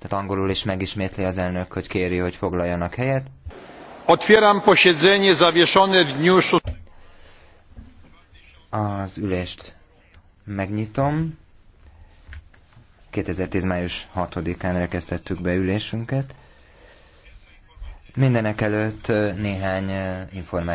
Tehát angolul is megismétli az elnök, hogy kéri, hogy foglaljanak helyet. Otwieram posiedzenie zawieszone w dniu Az ülést megnyitom. 2010. május 6-án rekesztettük be ülésünket. Mindenek előtt eh, néhány eh, információ.